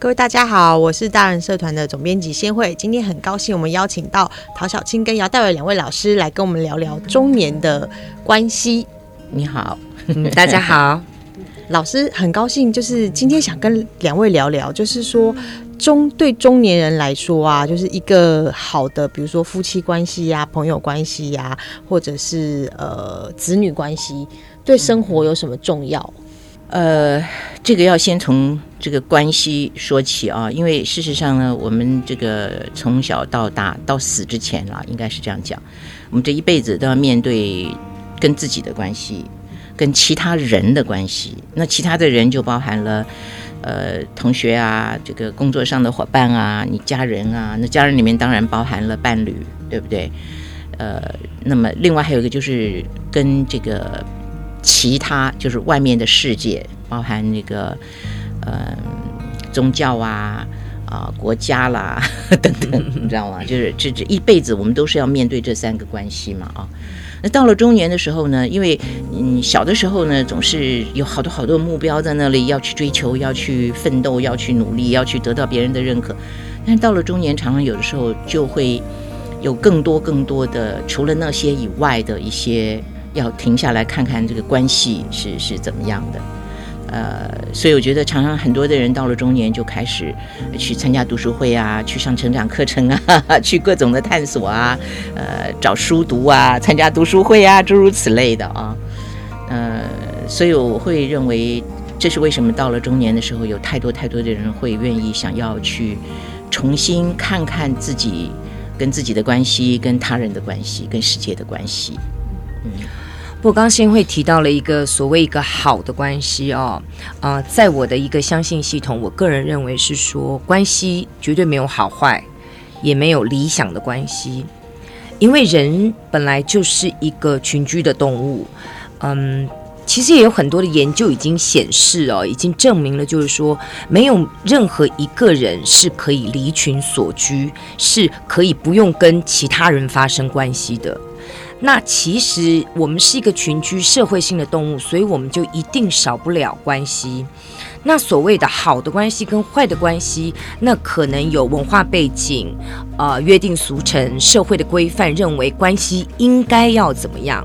各位大家好，我是大人社團的總編輯先蕙。今天很高興，我們邀請到陶曉清跟姚黛瑋兩位老師來跟我們聊聊中年的關係。你好、嗯，大家好。 老師很高興，就是今天想跟兩位聊聊，就是說中對中年人來說啊，就是一個好的，比如說夫妻關係呀、啊、朋友關係呀、啊，或者是呃子女關係，對生活有什麼重要？呃，這個要先從這個關係說起啊，因為事實上呢，我們這個從小到大到死之前啊，應該是這樣講，我們這一輩子都要面對跟自己的關係，跟其他人的關係。那其他的人就包含了，呃，同學啊，這個工作上的夥伴啊，你家人啊，那家人裡面當然包含了伴侶，對不對？呃，那麼另外還有一個就是跟這個。其他就是外面的世界，包含那個，嗯、呃，宗教啊，啊、呃，國家啦等等，你知道嗎？就是這這一輩子，我們都是要面對這三個關係嘛、啊、哦。那到了中年的時候呢，因為嗯，小的時候呢，總是有好多好多目標在那裡要去追求，要去奮鬥，要去努力，要去得到別人的認可。但是到了中年，常常有的時候就會有更多更多的，除了那些以外的一些。要停下來看看這個關係是是怎麼樣的，呃，所以我覺得常常很多的人到了中年就開始去參加讀書會啊，去上成長課程啊，去各種的探索啊，呃，找書讀啊，參加讀書會啊，諸如此類的啊，呃，所以我會認為這是為什麼到了中年的時候，有太多太多的人會願意想要去重新看看自己跟自己的關係、跟他人的關係、跟世界的關係，嗯。不過，我賀先蕙提到了一個所謂一個好的關係哦，啊、呃，在我的一個相信系統，我個人認為是說，關係絕對沒有好壞，也沒有理想的關係，因為人本來就是一個群居的動物，嗯，其實也有很多的研究已經顯示哦，已經證明了，就是說，沒有任何一個人是可以離群索居，是可以不用跟其他人發生關係的。那其實我們是一個群居社會性的動物，所以我們就一定少不了關係。那所謂的好的關係跟壞的關係，那可能有文化背景、呃，約定俗成、社會的規範，認為關係應該要怎麼樣。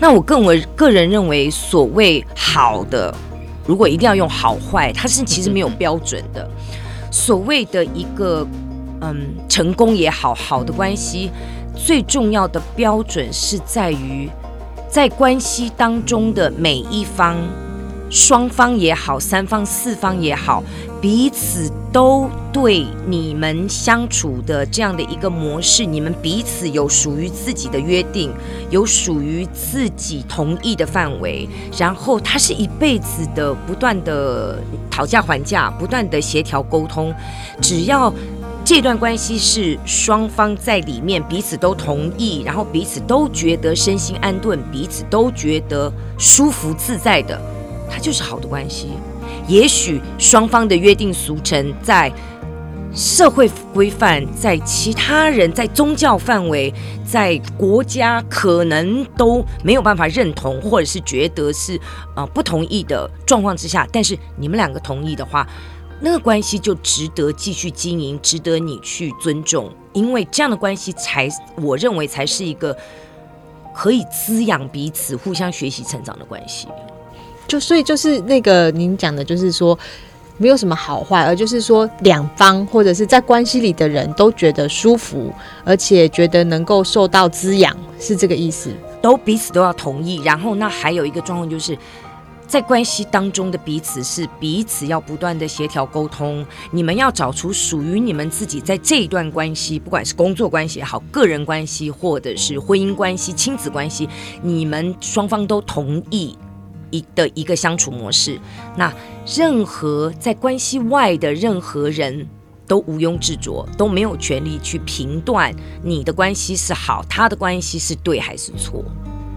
那我更我個人認為，所謂好的，如果一定要用好壞，它是其實沒有標準的。所謂的一個嗯，成功也好，好的關係。最重要的標準是在於，在關係當中的每一方，雙方也好，三方、四方也好，彼此都對你們相處的這樣的一個模式，你們彼此有屬於自己的約定，有屬於自己同意的範圍，然後它是一輩子的，不斷的討價還價，不斷的協調溝通，只要。這段關係是雙方在裡面彼此都同意，然後彼此都覺得身心安頓，彼此都覺得舒服自在的，它就是好的關係。也許雙方的約定俗成，在社會規範、在其他人在宗教範圍、在國家可能都沒有辦法認同，或者是覺得是啊、呃、不同意的狀況之下，但是你們兩個同意的話，那個關係就值得繼續經營，值得你去尊重，因為這樣的關係才我認為才是一個可以滋養彼此、互相學習成長的關係。就所以就是那個您講的，就是說沒有什麼好壞，而就是說兩方或者是在關係裡的人都覺得舒服，而且覺得能夠受到滋養，是這個意思。都彼此都要同意，然後那還有一個狀況就是。在關係當中的彼此是彼此要不斷的協調溝通，你們要找出屬於你們自己在這一段關係，不管是工作關係也好，個人關係或者是婚姻關係、親子關係，你們雙方都同意一的一個相處模式。那任何在關係外的任何人都毋庸置疑，都沒有權利去評斷你的關係是好，他的關係是對還是錯。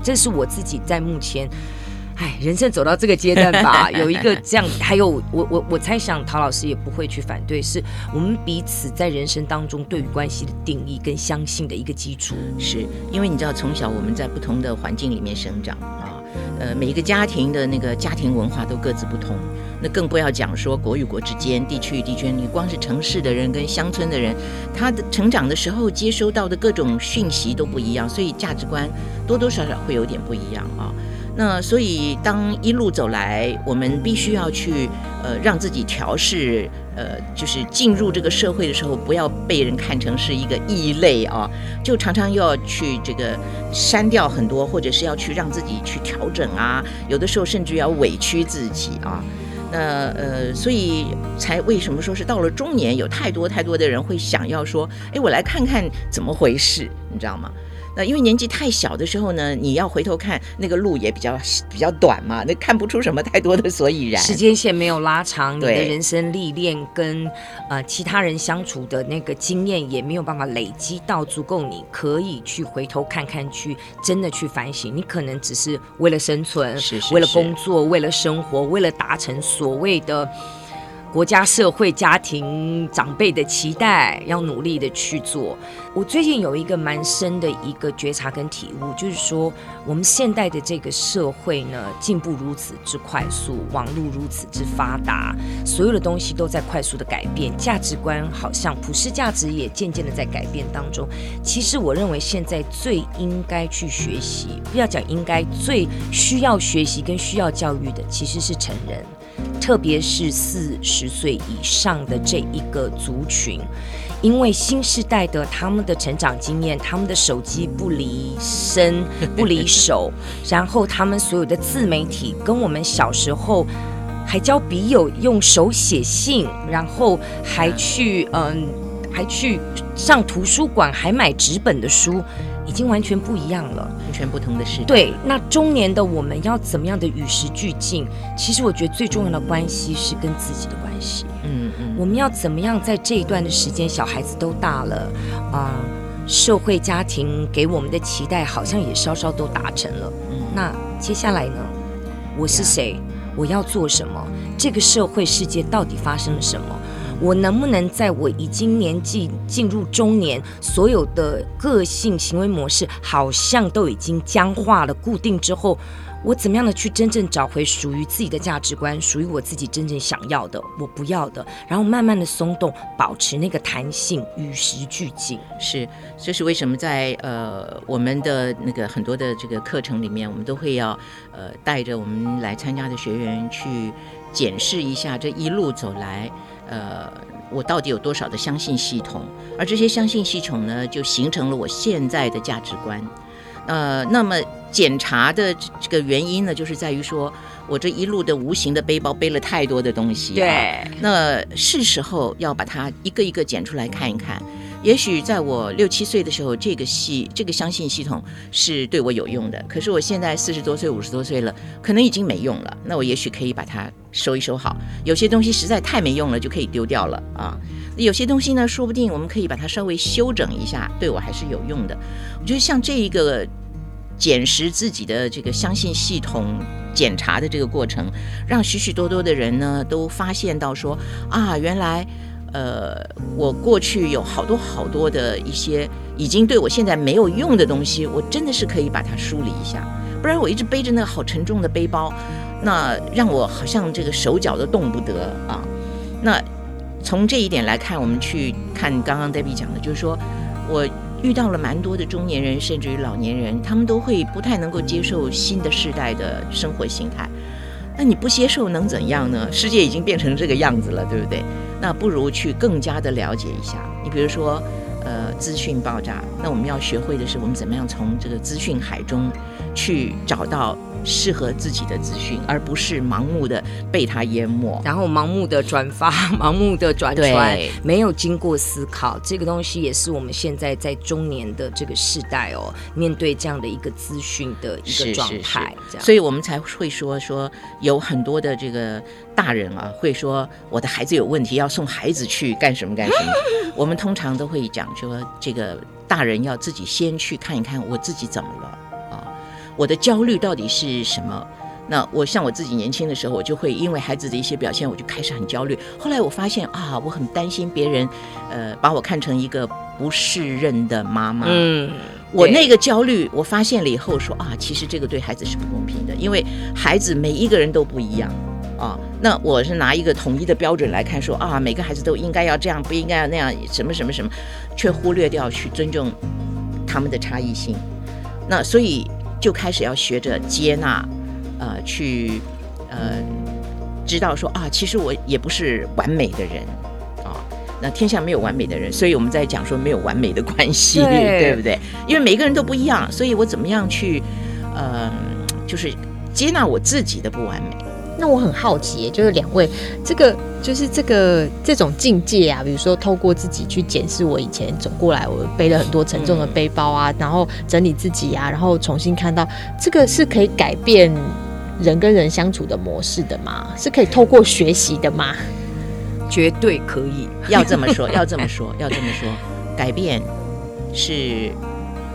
這是我自己在目前，唉，人生走到這個階段吧，有一個這樣，還有我我我猜想陶老師也不會去反對，是我們彼此在人生當中對於關係的定義跟相信的一個基礎。是，因為你知道從小我們在不同的環境裡面生長啊，呃，每一個家庭的那個家庭文化都各自不同，那更不要講說國與國之間、地區與地區，你光是城市的人跟鄉村的人，他的成長的時候接收到的各種訊息都不一樣，所以價值觀多多少少會有點不一樣啊。那所以，當一路走來，我們必須要去，呃，讓自己調適，呃，就是進入這個社會的時候，不要被人看成是一個異類啊，就常常又要去這個刪掉很多，或者是要去讓自己去調整啊，有的時候甚至要委屈自己啊。那呃，所以才為什麼說是到了中年，有太多太多的人會想要說，哎，我來看看怎麼回事，你知道嗎？因為年紀太小的時候呢，你要回頭看那個路也比較比較短嘛，那看不出什麼太多的所以然。時間線沒有拉長，對你的人生歷練跟呃其他人相處的那個經驗也沒有辦法累積到足夠，你可以去回頭看看，去真的去反省。你可能只是為了生存，是是是為了工作，為了生活，為了達成所謂的國家、社會、家庭、長輩的期待，要努力的去做。我最近有一個蠻深的一個覺察跟體悟，就是說，我們現代的這個社會呢，進步如此之快速，網絡如此之發達，所有的東西都在快速的改變，價值觀好像普世價值也漸漸的在改變當中。其實，我認為現在最應該去學習，不要講應該，最需要學習跟需要教育的，其實是成人。特別是四十歲以上的這一個族群，因為新時代的他們的成長經驗，他們的手機不離身不離手， 然後他們所有的自媒體，跟我們小時候還交筆友用手寫信，然後還去嗯、呃、還去上圖書館，還買紙本的書。已經完全不一樣了，完全不同的世界。對。那中年的我們要怎麼樣的與時俱進？其實我覺得最重要的關係是跟自己的關係。嗯嗯，嗯嗯，我們要怎麼樣在這一段的時間，小孩子都大了啊、呃，社會家庭給我們的期待好像也稍稍都達成了。嗯、那接下來呢？我是誰？Yeah. 我要做什麼？這個社會世界到底發生了什麼？我能不能在我已經年紀進，進入中年，所有的個性行為模式好像都已經僵化了、固定之後，我怎麼樣的去真正找回屬於自己的價值觀，屬於我自己真正想要的、我不要的，然後慢慢的鬆動，保持那個彈性，與時俱進。是，這是為什麼在呃我們的那個很多的這個課程裡面，我們都會要呃帶着我們來參加的學員去檢視一下這一路走來。呃，我到底有多少的相信系統？而這些相信系統呢，就形成了我現在的價值觀。呃，那麼檢查的這個原因呢，就是在於說我這一路的無形的背包背了太多的東西啊，對，那是時候要把它一個一個檢出來看一看。也許在我六七歲的時候，這個系這個相信系統是對我有用的。可是我現在四十多歲、五十多歲了，可能已經沒用了。那我也許可以把它收一收好。有些東西實在太沒用了，就可以丟掉了啊。有些東西呢，說不定我們可以把它稍微修整一下，對我還是有用的。我覺得像這一個檢視自己的這個相信系統檢查的這個過程，讓許許多多的人呢都發現到說啊，原來。呃，我過去有好多好多的一些已經對我現在沒有用的東西，我真的是可以把它梳理一下，不然我一直背着那個好沉重的背包，那讓我好像這個手腳都動不得啊。那從這一點來看，我們去看剛剛 Debbie 講的，就是說，我遇到了蠻多的中年人，甚至於老年人，他們都會不太能夠接受新的世代的生活形態。那你不接受能怎樣呢？世界已經變成這個樣子了，對不對？那不如去更加的了解一下，你比如說，呃，資訊爆炸，那我們要學會的是我們怎麼樣從這個資訊海中，去找到適合自己的資訊，而不是盲目的被它淹沒，然後盲目的轉發、盲目的轉傳，對沒有經過思考。這個東西也是我們現在在中年的這個時代哦，面對這樣的一個資訊的一個狀態，樣所以我們才會說說有很多的這個大人啊，會說我的孩子有問題，要送孩子去幹什麼幹什麼。 我們通常都會講說，這個大人要自己先去看一看，我自己怎麼了。我的焦慮到底是什麼？那我像我自己年輕的時候，我就會因為孩子的一些表現，我就開始很焦慮。後來我發現啊，我很擔心別人，呃，把我看成一個不適任的媽媽。嗯，我那個焦慮，我發現了以後說啊，其實這個對孩子是不公平的，因為孩子每一個人都不一樣啊。那我是拿一個統一的標準來看說，說啊，每個孩子都應該要這樣，不應該要那樣，什麼什麼什麼，卻忽略掉去尊重他們的差異性。那所以。就開始要學着接納，呃，去，呃，知道說啊，其實我也不是完美的人，啊，那天下沒有完美的人，所以我們在講說沒有完美的關係，對，對不對？因為每個人都不一樣，所以我怎麼樣去，嗯、呃，就是接納我自己的不完美。那我很好奇，就是兩位，這個就是這個這種境界啊，比如說透過自己，去檢視我以前走過來，我背了很多沉重的背包啊，嗯，然後整理自己啊，然後重新看到這個是可以改變人跟人相處的模式的嗎？是可以透過學習的嗎？絕對可以，要這麼說，要這麼說， 要這麼說，改變是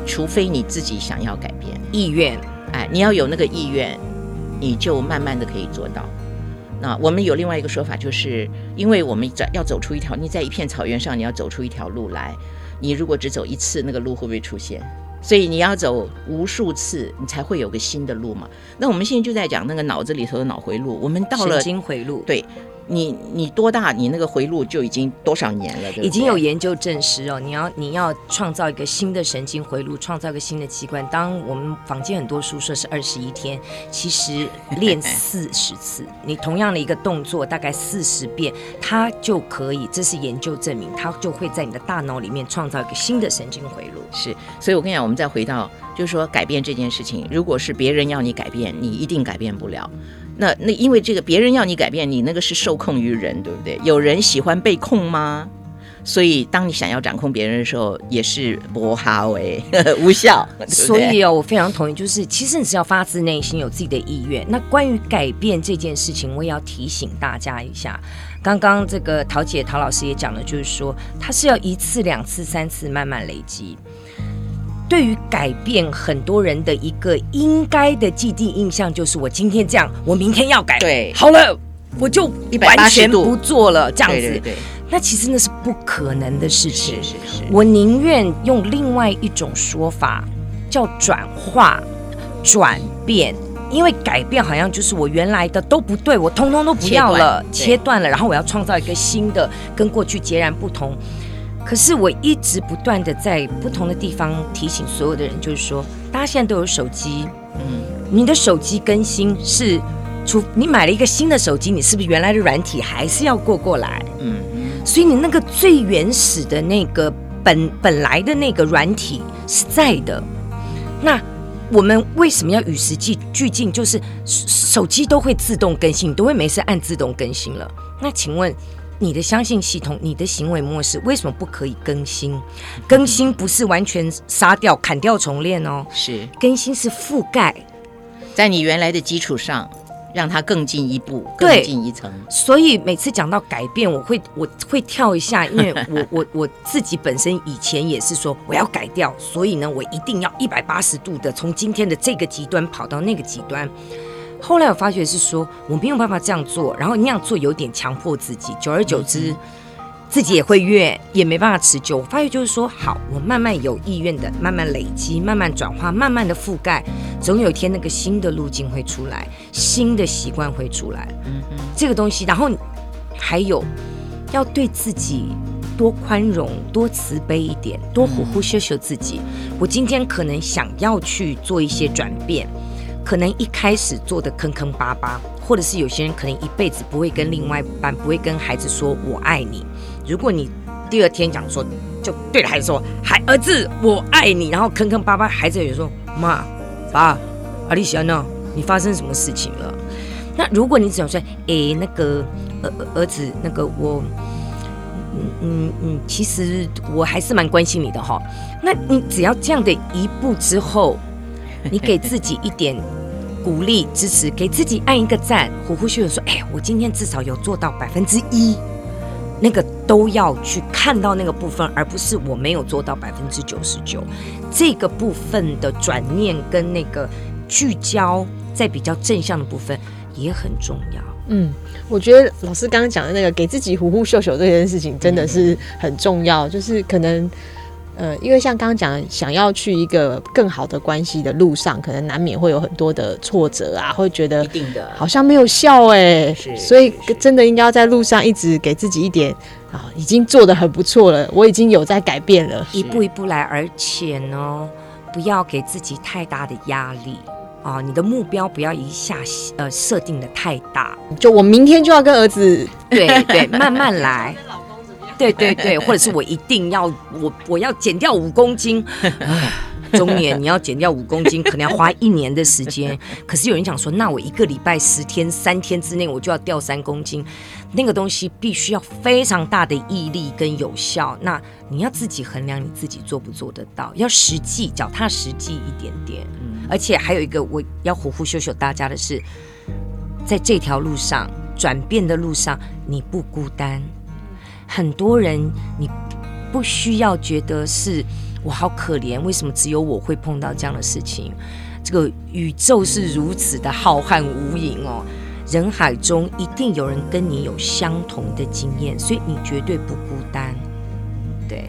除非你自己想要改變，意願，哎，你要有那個意願。你就慢慢的可以做到。那我們有另外一個說法，就是因為我們在要走出一條，你在一片草原上，你要走出一條路來，你如果只走一次，那個路會不會出現？所以你要走無數次，你才會有個新的路嘛。那我們現在就在講那個腦子裡頭的腦回路，我們到了神經回路，對。你你多大？你那個回路就已經多少年了？對，對，已經有研究證實哦，你要你要創造一個新的神經回路，創造一個新的器官。當我們坊間很多書說是二十一天，其實練四十次， 你同樣的一個動作大概四十遍，它就可以。這是研究證明，它就會在你的大腦裡面創造一個新的神經回路。是，所以我跟你講，我們再回到，就是說改變這件事情，如果是別人要你改變，你一定改變不了。那那，那因為這個別人要你改變，你那個是受控於人，對不對？有人喜歡被控嗎？所以，當你想要掌控別人的時候，也是不哈喂，無效。對對所以，哦，我非常同意，就是其實你只要發自內心，有自己的意願。那關於改變這件事情，我也要提醒大家一下。剛剛這個陶姐陶老師也講了，就是說，他是要一次、兩次、三次，慢慢累積。對於改變很多人的一個應該的既定印象，就是我今天這樣，我明天要改，對，好了，我就完全不做了這樣子。那其實那是不可能的事情。我寧願用另外一種說法，叫轉化、轉變，因為改變好像就是我原來的都不對，我通通都不要了，切斷，切斷了，然後我要創造一個新的，跟過去截然不同。可是我一直不斷的在不同的地方提醒所有的人，就是說，大家現在都有手機，嗯，你的手機更新是，除你買了一個新的手機，你是不是原來的軟體還是要過過來？嗯，所以你那個最原始的那個本本來的那個軟體是在的。那我們為什麼要與時俱進？就是手機都會自動更新，都會沒事按自動更新了。那請問，你的相信系統，你的行為模式，為什麼不可以更新？更新不是完全殺掉、砍掉、重練哦，是更新是覆蓋，在你原來的基礎上，讓它更進一步、更進一層。所以每次講到改變，我會我會跳一下，因為我我我自己本身以前也是說我要改掉，所以呢，我一定要一百八十度的從今天的這個極端跑到那個極端。後來我發覺是說我沒有辦法這樣做，然後那樣做有點強迫自己，久而久之嗯嗯自己也會越也沒辦法持久。我發覺就是說，好，我慢慢有意願的，慢慢累積，慢慢轉化，慢慢的覆蓋，總有一天那個新的路徑會出來，新的習慣會出來，嗯嗯這個東西。然後還有要對自己多寬容、多慈悲一點，多呼呼修修自己。嗯、我今天可能想要去做一些轉變。可能一開始做得坑坑巴巴，或者是有些人可能一輩子不會跟另外一半、不會跟孩子說“我愛你”。如果你第二天講說，就對了，孩子說：“孩兒子，我愛你。”然後坑坑巴巴，孩子也說，媽、爸阿、啊、你什麼呢？你發生什麼事情了？那如果你只要說：“哎、欸，那個兒兒子，那個我，嗯嗯嗯，其實我還是蠻關心你的哈。”那你只要這樣的一步之後。你給自己一點鼓勵支持，給自己按一個讚。呼呼秀秀說：“哎、欸，我今天至少有做到百分之一，那個都要去看到那個部分，而不是我沒有做到百分之九十九。這個部分的轉念跟那個聚焦在比較正向的部分也很重要。”嗯，我覺得老師剛剛講的那個給自己呼呼秀秀這件事情真的是很重要，嗯、就是可能。呃，因為像剛剛講的，想要去一個更好的關係的路上，可能難免會有很多的挫折啊，會覺得好像沒有效哎、欸，所以是是是真的應該要在路上一直給自己一點啊，已經做得很不錯了，我已經有在改變了，一步一步來，而且呢，不要給自己太大的壓力啊，你的目標不要一下呃設定的太大，就我明天就要跟兒子， 對對，慢慢來。 對對對，或者是我一定要我我要減掉五公斤啊。中年你要減掉五公斤，可能要花一年的時間。可是有人講說，那我一個禮拜十天、三天之內，我就要掉三公斤。那個東西必須要非常大的毅力跟有效。那你要自己衡量你自己做不做得到，要實際、腳踏實際一點點。嗯、而且還有一個我要呼呼秀秀大家的是，在這條路上、轉變的路上，你不孤單。很多人，你不需要覺得是我好可憐，為什麼只有我會碰到這樣的事情？這個宇宙是如此的浩瀚無垠哦，人海中一定有人跟你有相同的經驗，所以你絕對不孤單。對，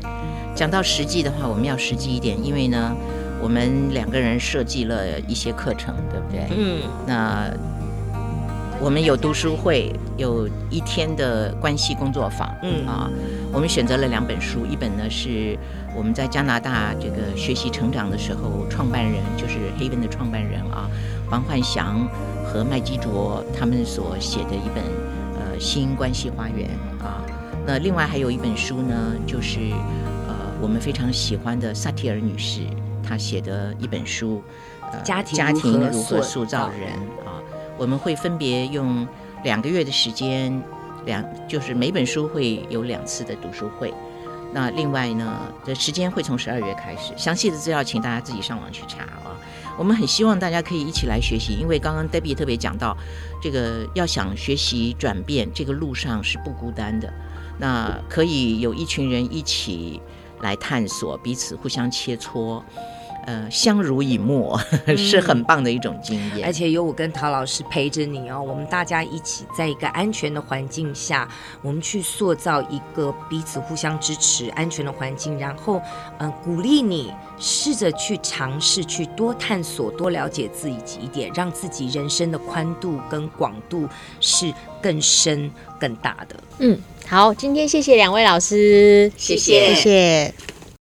講到實際的話，我們要實際一點，因為呢，我們兩個人設計了一些課程，對不對？嗯，那。我們有讀書會，有一天的關係工作坊，嗯啊，我們選擇了兩本書，一本呢是我們在加拿大這個學習成長的時候，創辦人就是 Haven 的創辦人啊，王煥祥和麥基卓他們所寫的一本，呃，新關係花園啊，那另外還有一本書呢，就是呃我們非常喜歡的薩提爾女士她寫的一本書，呃，家庭家庭如何塑造人，塑造人啊。我們會分別用兩個月的時間，兩就是每本書會有兩次的讀書會。那另外呢，的時間會從十二月開始，詳細的資料請大家自己上網去查啊。我們很希望大家可以一起來學習，因為剛剛 Debbie 特別講到，這個要想學習轉變，這個路上是不孤單的，那可以有一群人一起來探索，彼此互相切磋。呃，相濡以沫是很棒的一種經驗。嗯，而且有我跟陶老師陪着你哦，我們大家一起在一個安全的環境下，我們去塑造一個彼此互相支持、安全的環境，然後嗯、呃，鼓勵你試着去嘗試去多探索、多了解自己幾點，讓自己人生的寬度跟廣度是更深、更大的。嗯，好，今天謝謝兩位老師，謝，謝謝。謝謝